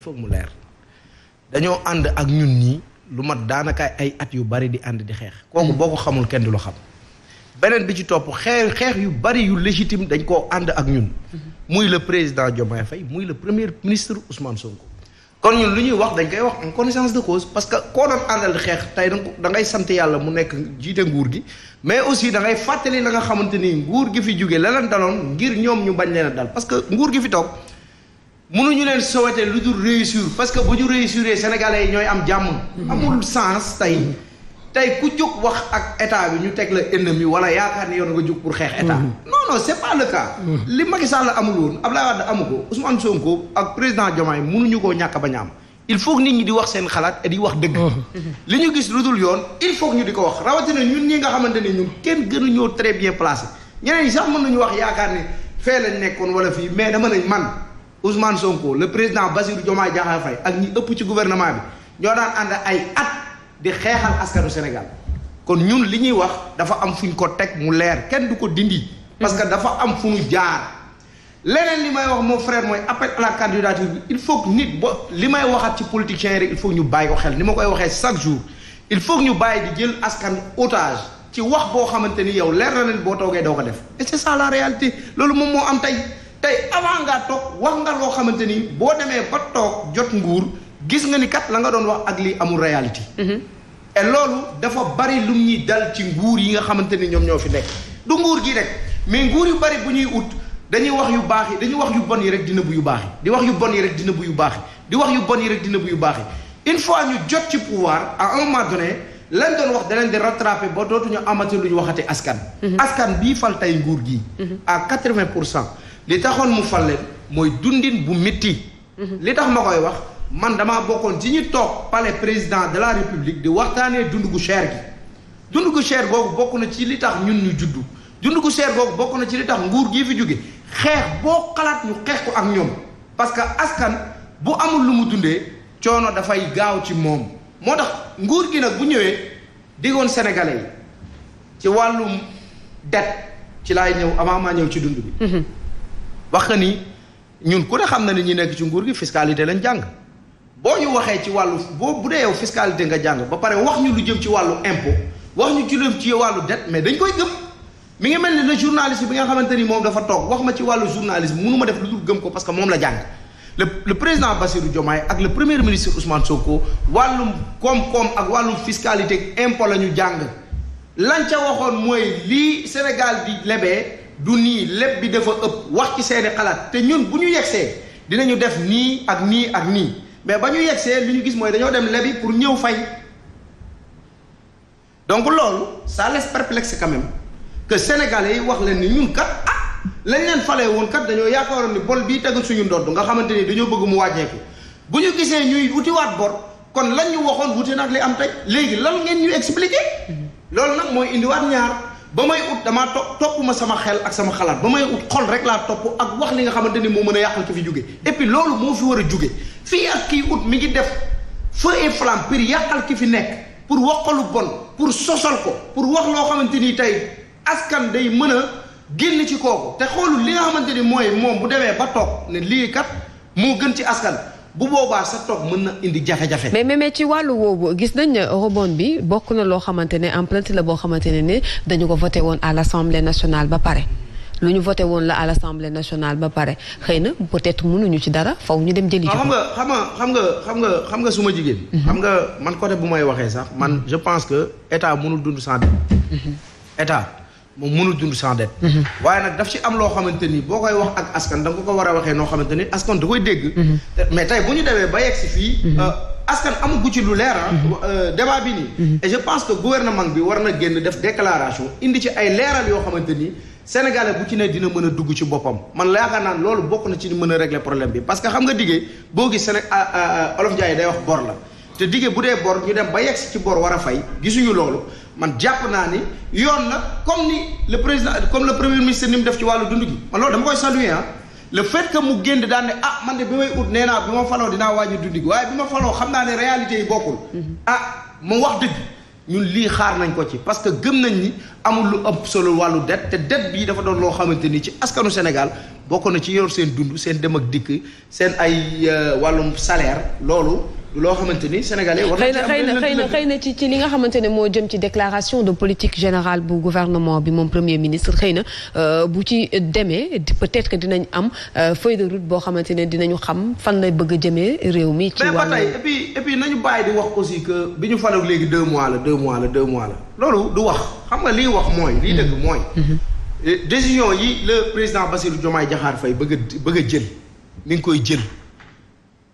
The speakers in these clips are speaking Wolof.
foog mu leer dañoo ànd ak ñun ñii lu mat daanaka ay at yu bari di ànd di xeex kooku boo ko xamul kenn du lu xam beneen bi ci topp xeex xeex yu bari yu légitime dañ koo ànd ak ñun muy le président Diomaye Faye muy le premier ministre Ousmane Sonko kon ñun lu ñuy wax dañ koy wax en connaissance de cause parce que koo doon àndal di xeex tey danga da ngay sant yàlla mu nekk jiite nguur gi mais aussi da ngay fàttali na nga xamante ni nguur gi fi jóge la leen daloon ngir ñoom ñu bañ leen a dal parce que nguur gi fi toog mënuñu leen souhaiter lu dul réussir parce que bu ñu réussir sénégalais yi ñooy am jàmm. amul sens tey tey ku jóg wax ak état bi ñu teg la ennemi wala yaakaar ne yow nga jóg pour xeex état. Mm-hmm. non non c'est pas le cas. Mm-hmm. li Macky Sall amul woon Abdoulaye Wade amu ko Ousmane Sonko ak président Diomaye mënuñu koo ñàkk bañ a am. il faut nit ñi di wax seen xalaat et di wax dëgg. Mm-hmm. li ñu gis lu dul yoon il faut ñu di ko wax rawatina ñun ñi nga xamante ne ñun kenn gënu très bien placé ñeneen ñi sax mën wax yaakaar ne fee nekkoon wala fii mais dama ne man. Ousmane Sonko le président Bassirou Diomaye Diakhar Faye ak ñi ëpp ci gouvernement bi ñoo daan ànd ay at di xeexal askanu Sénégal kon ñun li ñuy wax dafa am fu ñu ko teg mu leer kenn du ko dindi. parce que dafa am fu ñu jaar. leneen li may wax moo frère mooy appel la candidature bi il faut nit bo li may waxaat ci politiciens yi il faut ñu bàyyi ko xel ni ma koy waxee chaque jour il faut ñu bàyyi di jël askan otage ci wax boo xamante ni yow leer na leen boo toogee doo ko def tey avant nga toog wax nga loo xamante ni boo demee ba toog jot nguur gis nga ni kat la nga doon wax ak lii amul réalité. Mhm. et loolu dafa bari lu ñuy dal ci nguur yi nga xamante ni ñoom ñoo fi nekk du nguur gi rek mais nguur yu bari bu ñuy ut dañuy wax yu baax yi dañuy wax yu bon yi rek dina bu yu baax di wax yu bon yi rek dina bu yu baax di wax yu bon yi rek dina bu yu baax yi une fois ñu jot ci pouvoir à un moment donné lañ doon wax daleen di rattraper ba dootuñu amati lu ñu waxate askan mhm. askan bii fal tey nguur gii mhm. à pour cent li taxoon mu fal mooy dundin bu métti. Mhm. li tax ma koy wax man damaa bokkoon ci ñu toog palais président de la république di waxtaanee dund gu cher gi. dund gu cher googu bokk na ci li tax ñun ñu juddu dund ko cher googu bokk na ci li tax nguur gi fi jóge xeex boo xalaat ñu xeex ko ak ñoom parce que askan bu amul lu mu dundee coono dafay gaaw ci moom moo tax nguur gi nag bu ñëwee diggoon sénégalais yi ci wàllum det ci lay ñëw avant maa ñëw ci dund bi. Mhm. wax ni ñun ku ne xam na ni ñi nekk ci nguur gi fiscalité lañ jàng boo ñu waxee ci wàllu boo bu dee yow fiscalité nga jàng ba pare wax ñu lu jëm ci wàllu impo wax ñu ci lu ci wàllu dette mais dañ koy gëm mi ngi mel ni le journaliste bi nga xamante ni moom dafa toog wax ma ci wàllu journaliste mënu ma def lu dul gëm ko parce que moom la jàng le le président Bassirou Diomaye ak le premier ministre Ousmane Sonko wàllum koom-koom ak wàllu fiscalité impôt la ñu jàng lan ca waxoon mooy lii Sénégal di lebee. du nii lépp bi dafa ëpp wax ci seeni xalaat te ñun bu ñu yegsee dinañu def nii ak nii ak nii mais ba ñu yegsee li ñu gis mooy dañoo dem lebi pour ñëw fay donc loolu ça laisse perplexe quand même que yi wax leen ni ñun kat ah lañ leen falee woon kat dañoo yaakaaroon ni bool bi tegu suñu ndodd nga xamante ni dañoo bëgg mu wàññeeku bu ñu gisee ñuy wutiwaat bor kon lañ ñu waxoon wuti nag li am tey léegi lan ngeen ñu expliquer mm-hmm. loolu nag mooy indiwaat ñaar. ba may ut dama topp topp ma sama xel ak sama xalaat ba may ut xol rek laa topp ak wax li nga xamante ni moo mën a yàqal ki fi jóge et loolu moo fi war a jóge fii ak kii ut mi ngi def feu et flamme pour yàqal ki fi nekk pour wax ko bon pour sosal ko pour wax loo xamante ni tey askan day mën a génn ci kooku te xoolu li nga xamante ni mooy moom bu demee ba toog ne lii kat moo gën ci askan bu boobaa sa toog mën na indi jafe-jafe. mais mais ci wàllu woowu gis nañ ne rebond bi bokk na loo xamante ne empreinte la boo xamante ne ne dañu ko voté woon à l' assemblée nationale ba pare. lu ñu voté woon la à l' assemblée nationale ba pare xëy na peut être mënuñu ci dara faw ñu dem jëli. Ah, jox xam nga xam nga xam nga xam nga suma jigéen. Mhm. xam nga man côté bu may waxee sax man mhm. je pense que état mënul dund sans dette. Mhm. état. moom mënul dund sans dette mhm. waaye nag daf ci am loo xamante ni boo koy wax ak askan da nga ko war a waxee noo xamante ni askan da koy dégg mhm. mais tey bu ñu demee ba yegg si fii mhm. euh, askan amagu ci lu leer ah. euh, débat bi nii je pense que gouvernement bi war na génn def déclaration indi ci ay leeral yoo xamante ni sénégalais bu ci ne dina mën a dugg ci boppam man yaakaar naan loolu bokk na ci mën a régler problème bi parce que xam nga diggee boo gis Séné ah, ah, olof Njaay day wax bor la te diggee bu dee bor ñu dem ba yegg si ci bor war a fay gisuñu loolu man jàpp naa ni yoon la comme ni le président comme le premier ministre ni mu def ci wàllu dund gi man loolu dama koy saluer ah le fait que mu génn daan ne ah man de bi may ut nee naa bi ma faloo dinaa wàññi dund gi waaye bi ma faloo xam naa ne réalité yi bokkul mhm. ah mu wax dëgg ñun lii xaar nañ ko ci parce que gëm nañ ni amul lu ëpp solo wàllu dette te dette bi dafa doon loo xamante ni ci askanu senegal bokk na ci yor seen dund seen dem ak dikk seen ay euh, wàllum salaire loolu loo xamante ni sénégalais war na xëy na xëy na xëy na ci ci li nga xamante ne moo jëm ci déclaration de politique générale bu gouvernement bi moom premier ministre xëy na euh, bu ci demee peut-être que dinañ am euh, feuille de route boo xamante ne dinañu xam fan lay bëgg a jëmee réew mi. ci wàllu mais ba tey et bi ñu falu léegi deux mois la deux mois la deux mois la. loolu du wax xam nga liy wax mooy. liy dëgg mm-hmm. mooy. Mm-hmm. Eh, décision yi le président Bassirou Diomaye Diakhar Faye bëgg a bëgg a jël mi ngi koy jël.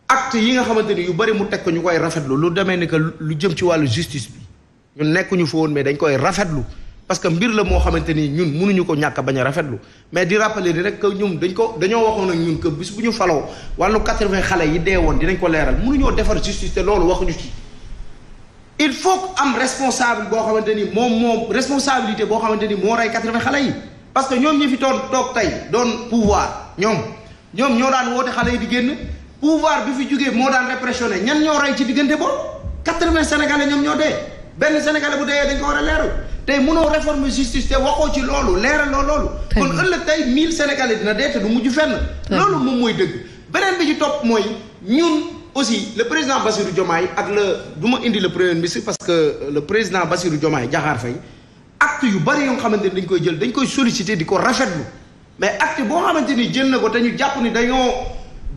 acte yi nga xamante ni yu bari mu teg ko ñu koy rafetlu lu demee ni que lu jëm ci wàllu justice bi ñun nekkuñu fa woon mais dañ koy rafetlu parce que mbir la moo xamante ni ñun munuñu ko ñàkk bañ a rafetlu mais di rappeler ni rek que ñun dañ ko dañoo waxoon ak ñun que bis bu ñu faloo wàllu quatre-vingts xale yi dee woon dinañ ko leeral mënuñoo defar justice te loolu waxuñu ci. il faut que am responsable boo xamante ni moom moom responsabilité boo xamante ni moo rey quatre-vingts xale yi parce que ñoom ñi fi toog toog tey doon pouvoir ñoom ñoom ñoo daan woote xale yi di génn pouvoir bi fi jógee moo daan répressionné ñan ñoo rey ci diggante boobu quatre-vingts sénégalais ñoom ñoo dee benn sénégalais bu dee dañ ko war a leeral tey mënoo réforme justice te waxoo ci loolu leeral loolu. kon ëllëg tey mille sénégalais dina dee te du mujj fenn. loolu mooy dëgg beneen bi ci topp mooy aussi le président Bassirou Diomaye ak le du ma indi le premier ministre parce que euh, le président Bassirou Diomaye Diakhar Faye acte yu bari yoo xamante ni dañ koy jël dañ koy solliciter di ko rafetlu mais acte boo xamante ni jël na ko te ñu jàpp ni dañoo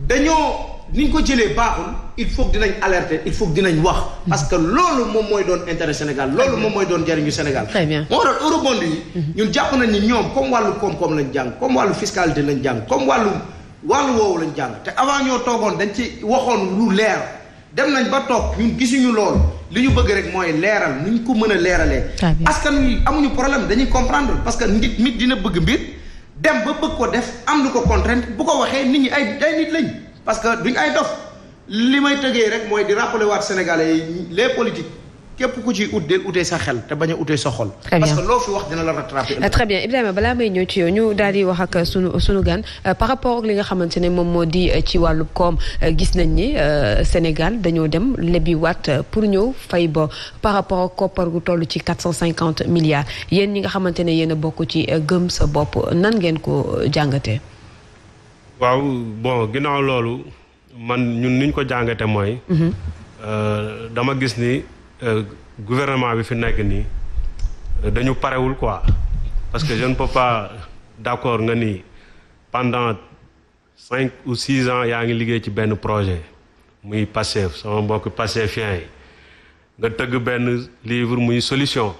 dañoo ni ñu ko jëlee baaxul il faut que dinañ alerter il faut wax. parce que loolu moom mooy doon intérêt Sénégal. loolu moom mooy doon njëriñu Sénégal. très bien moo tax eurobond yi. ñun jàpp nañ ni ñoom comme wàllu koom-koom lañ jàng comme wàllu fiscalité lañ jàng comme wàllu. wàllu woowu lañ jàng te avant ñoo toogoon dañ ci waxoon lu leer dem nañ ba toog ñun gisuñu lool li ñu bëgg rek mooy leeral ni ñu ko mën a leeralee. askan wi amuñu problème dañuy comprendre parce que nit nit dina bëgg mbir dem ba bëgg ko def am lu ko contrainte bu ko waxee nit ñi ay ay nit lañ parce que duñ ay dof li may tëgee rek mooy di rappeler waat Sénégalais yi les politiques. képp ku ciy ut del utee sa xel te bañ a utee sa xol. parce que loo fi wax dina la rattraper. Euh, très bien Ibrahima balaa may ñëw ci yow ñu daal wax ak euh, sunu gan euh, par rapport ak li nga xamante ne moom moo di ci wàllu koom gis nañ ni Sénégal dañoo dem lebi wat pour ñëw fay ba par rapport ak koppar gu toll ci quatre cent cinquante milliards yéen ñi nga xamante ne yéen bokk ci gëm sa bopp nan ngeen ko jàngatee. waaw bon ginnaaw loolu man ñun niñ ko jàngate mooy. Mhm. dama gis ni. Euh, gouvernement bi fi nekk nii euh, dañu parewul quoi parce que je ne peux pas euh, d'accord nga ni pendant cinq ou six ans yaa ngi liggéey ci benn projet muy Pastef sama mbokk Pastefien yi nga tëgg benn livre muy solution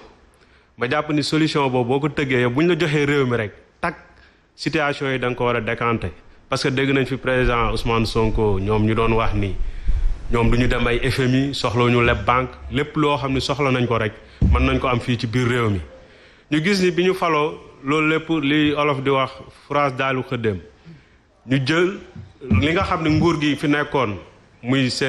ma jàpp ni solution boobu boo ko tëggee yow bu ñu la joxee réew mi rek tak situation yi danga ko war a décanter parce que dégg nañ fi président Ousmane Sonko ñoom ñu doon wax nii ñoom du ñu dem ay FMI soxla ñu leb banque lépp loo xam ne soxla nañ ko rek mën nañ ko am fii ci biir réew mi ñu gis ni bi ñu faloo loolu lépp li olof di wax France daalu xëddeem ñu jël li nga xam ne nguur gi fi nekkoon muy seen